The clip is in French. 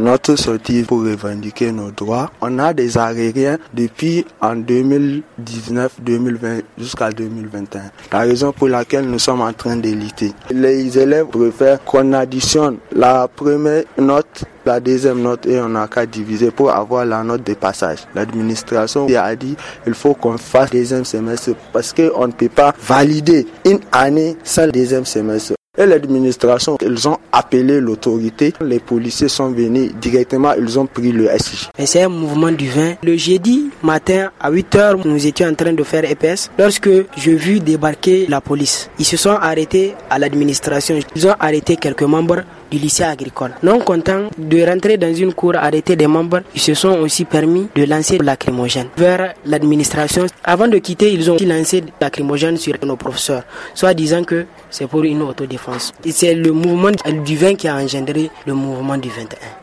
notre sortie pour revendiquer nos droits. On a des Aériens depuis en 2019-2020 jusqu'à 2021. La raison pour laquelle nous sommes en train d'éliter. Les élèves préfèrent qu'on additionne la première note la deuxième note et on n'a qu'à diviser pour avoir la note de passage. L'administration a dit il faut qu'on fasse deuxième semestre parce qu'on ne peut pas valider une année sans deuxième semestre. Et l'administration, ils ont appelé l'autorité. Les policiers sont venus directement, ils ont pris le SIG. c'est un mouvement du vin. Le jeudi matin à 8h, nous étions en train de faire EPS lorsque je vis débarquer la police. Ils se sont arrêtés à l'administration. Ils ont arrêté quelques membres du lycée agricole. Non content de rentrer dans une cour arrêtée des membres, ils se sont aussi permis de lancer de lacrymogène vers l'administration. Avant de quitter, ils ont aussi lancé de lacrymogène sur nos professeurs, soit disant que c'est pour une autodéfense. C'est le mouvement du 20 qui a engendré le mouvement du 21.